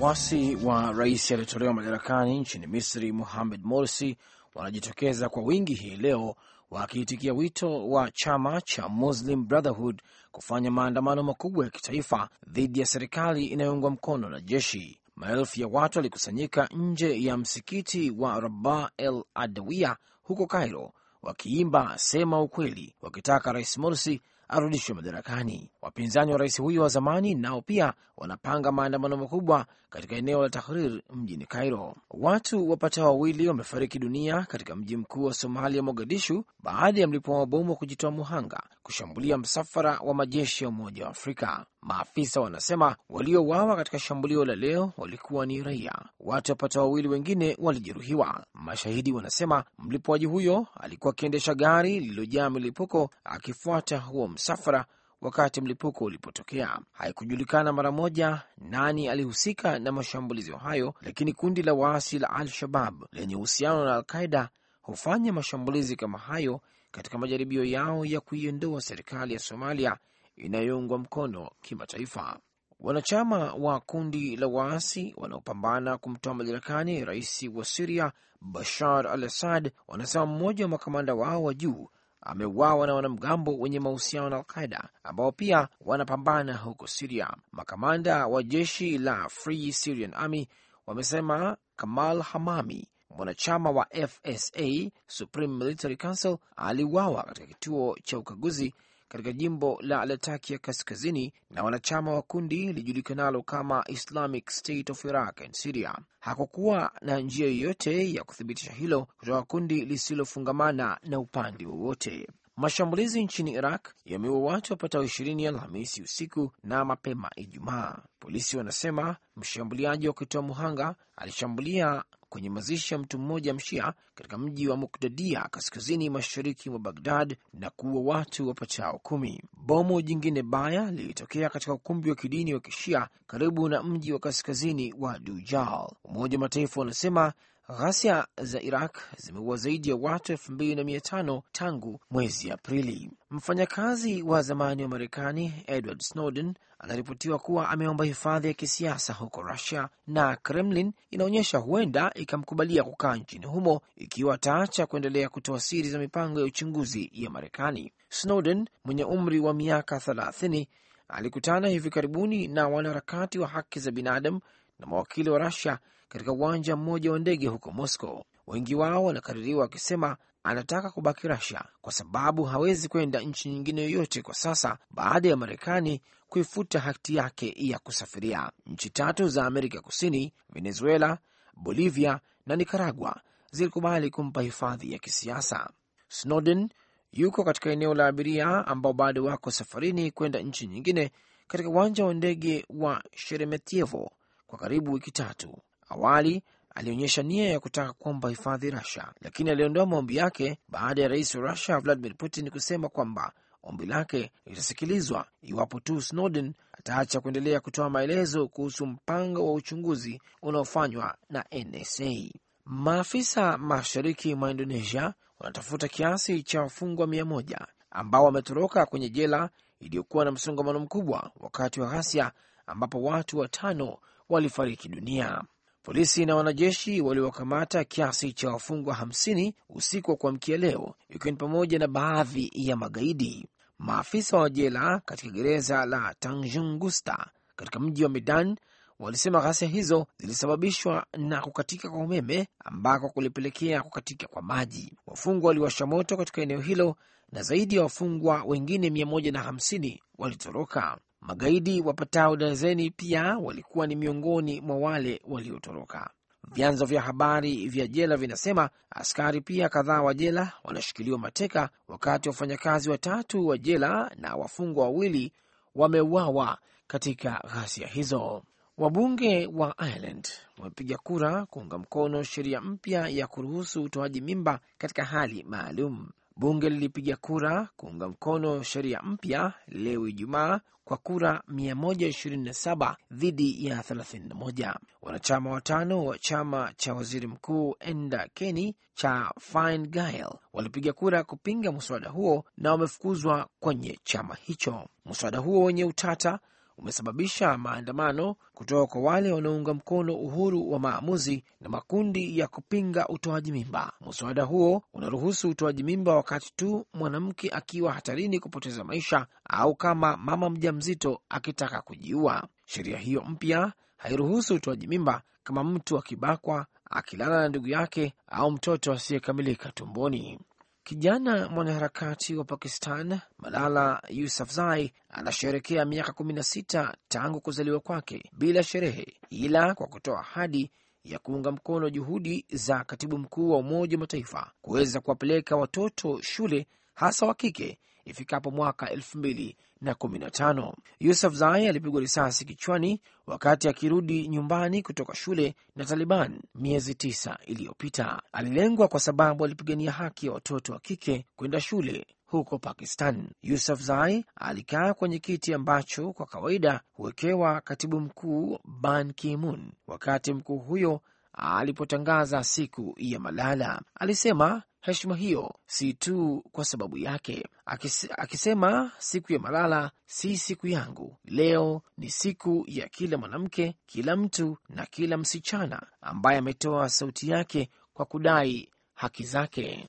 Wafuasi wa rais aliyetolewa madarakani nchini Misri Mohamed Morsi wanajitokeza kwa wingi hii leo wakiitikia wito wa chama cha Muslim Brotherhood kufanya maandamano makubwa ya kitaifa dhidi ya serikali inayoungwa mkono na jeshi. Maelfu ya watu walikusanyika nje ya msikiti wa raba El Adawiya huko Cairo, wakiimba sema ukweli, wakitaka Rais Morsi arudishwe madarakani. Wapinzani wa rais huyo wa zamani nao pia wanapanga maandamano makubwa katika eneo la Tahrir mjini Cairo. Watu wapatao wawili wamefariki dunia katika mji mkuu wa Somalia, Mogadishu, baada ya mlipuko wa mabomu wa kujitoa muhanga kushambulia msafara wa majeshi ya Umoja wa Afrika. Maafisa wanasema waliouawa katika shambulio la leo walikuwa ni raia. Watu wapata wawili wengine walijeruhiwa. Mashahidi wanasema mlipuaji huyo alikuwa akiendesha gari lililojaa milipuko akifuata huo msafara wakati mlipuko ulipotokea. Haikujulikana mara moja nani alihusika na mashambulizi hayo, lakini kundi la waasi la Al-Shabab lenye uhusiano na Al-Qaida hufanya mashambulizi kama hayo katika majaribio yao ya kuiondoa serikali ya Somalia inayoungwa mkono kimataifa. Wanachama wa kundi la waasi wanaopambana kumtoa madarakani rais wa Siria Bashar al Assad wanasema mmoja wa makamanda wao wa juu ameuawa na wanamgambo wenye mahusiano na Alqaida ambao pia wanapambana huko Siria. Makamanda wa jeshi la Free Syrian Army wamesema Kamal Hamami, mwanachama wa FSA, Supreme Military Council, aliuawa katika kituo cha ukaguzi katika jimbo la Latakia kaskazini na wanachama wa kundi lilijulikanalo kama Islamic State of Iraq and Syria. Hakukuwa na njia yoyote ya kuthibitisha hilo kutoka kundi lisilofungamana na upande wowote. Mashambulizi nchini Iraq yameua watu wapatao ishirini Alhamisi usiku na mapema Ijumaa. Polisi wanasema mshambuliaji wa kutoa muhanga alishambulia kwenye mazishi ya mtu mmoja mshia katika mji wa Mukdadia kaskazini mashariki mwa Bagdad na kuua watu wapatao kumi. Bomu jingine baya lilitokea katika ukumbi wa kidini wa kishia karibu na mji wa kaskazini wa Dujal. Umoja wa Mataifa wanasema Ghasia za Iraq zimeua zaidi ya watu elfu mbili na mia tano tangu mwezi Aprili. Mfanyakazi wa zamani wa Marekani Edward Snowden anaripotiwa kuwa ameomba hifadhi ya kisiasa huko Rusia, na Kremlin inaonyesha huenda ikamkubalia kukaa nchini humo ikiwa ataacha kuendelea kutoa siri za mipango ya uchunguzi ya Marekani. Snowden mwenye umri wa miaka thelathini alikutana hivi karibuni na wanaharakati wa haki za binadamu na mawakili wa Rusia katika uwanja mmoja wa ndege huko Moscow. Wengi wao wanakaririwa wakisema anataka kubaki Rusia kwa sababu hawezi kwenda nchi nyingine yoyote kwa sasa baada ya Marekani kuifuta hati yake ya kusafiria. Nchi tatu za Amerika Kusini, Venezuela, Bolivia na Nikaragua zilikubali kumpa hifadhi ya kisiasa. Snowden yuko katika eneo la abiria ambao bado wako safarini kwenda nchi nyingine katika uwanja wa ndege wa Sheremetyevo kwa karibu wiki tatu. Awali alionyesha nia ya kutaka kuomba hifadhi rusia lakini aliondoa maombi yake baada ya rais wa rusia Vladimir Putin kusema kwamba ombi lake litasikilizwa iwapo tu Snowden ataacha kuendelea kutoa maelezo kuhusu mpango wa uchunguzi unaofanywa na NSA. Maafisa mashariki mwa Indonesia wanatafuta kiasi cha wafungwa mia moja ambao wametoroka kwenye jela iliyokuwa na msongamano mkubwa wakati wa ghasia ambapo watu watano walifariki dunia. Polisi na wanajeshi waliwakamata kiasi cha wafungwa hamsini usiku wa kuamkia leo, ikiwa ni pamoja na baadhi ya magaidi. Maafisa wa jela katika gereza la Tanjungusta katika mji wa Medan walisema ghasia hizo zilisababishwa na kukatika kwa umeme ambako kulipelekea kukatika kwa maji. Wafungwa waliwasha moto katika eneo hilo na zaidi ya wafungwa wengine 150 walitoroka. Magaidi wapatao dazeni pia walikuwa ni miongoni mwa wale waliotoroka. Vyanzo vya habari vya jela vinasema askari pia kadhaa wa jela wanashikiliwa mateka, wakati wafanyakazi watatu wa jela na wafungwa wawili wameuawa katika ghasia hizo. Wabunge wa Ireland wamepiga kura kuunga mkono sheria mpya ya kuruhusu utoaji mimba katika hali maalum bunge lilipiga kura kuunga mkono sheria mpya leo Ijumaa kwa kura 127 dhidi ya 31. Wanachama watano wa chama cha waziri mkuu Enda Kenny cha Fine Gael walipiga kura kupinga mswada huo na wamefukuzwa kwenye chama hicho. Mswada huo wenye utata umesababisha maandamano kutoka kwa wale wanaounga mkono uhuru wa maamuzi na makundi ya kupinga utoaji mimba. Mswada huo unaruhusu utoaji mimba wakati tu mwanamke akiwa hatarini kupoteza maisha au kama mama mjamzito akitaka kujiua. Sheria hiyo mpya hairuhusu utoaji mimba kama mtu akibakwa, akilala na ndugu yake au mtoto asiyekamilika tumboni. Kijana mwanaharakati wa Pakistan Malala Yousafzai anasherekea miaka kumi sita tangu kuzaliwa kwake bila sherehe, ila kwa kutoa ahadi ya kuunga mkono juhudi za katibu mkuu wa Umoja wa Mataifa kuweza kuwapeleka watoto shule hasa wa kike ifikapo mwaka elfu mbili na kumi na tano. Yusuf Zai alipigwa risasi kichwani wakati akirudi nyumbani kutoka shule na Taliban miezi tisa iliyopita. Alilengwa kwa sababu alipigania haki ya watoto wa kike kwenda shule huko Pakistan. Yusuf Zai alikaa kwenye kiti ambacho kwa kawaida huwekewa katibu mkuu Ban Ki-moon wakati mkuu huyo alipotangaza siku ya Malala. Alisema heshima hiyo si tu kwa sababu yake. Akisema siku ya Malala si siku yangu, leo ni siku ya kila mwanamke, kila mtu na kila msichana ambaye ametoa sauti yake kwa kudai haki zake.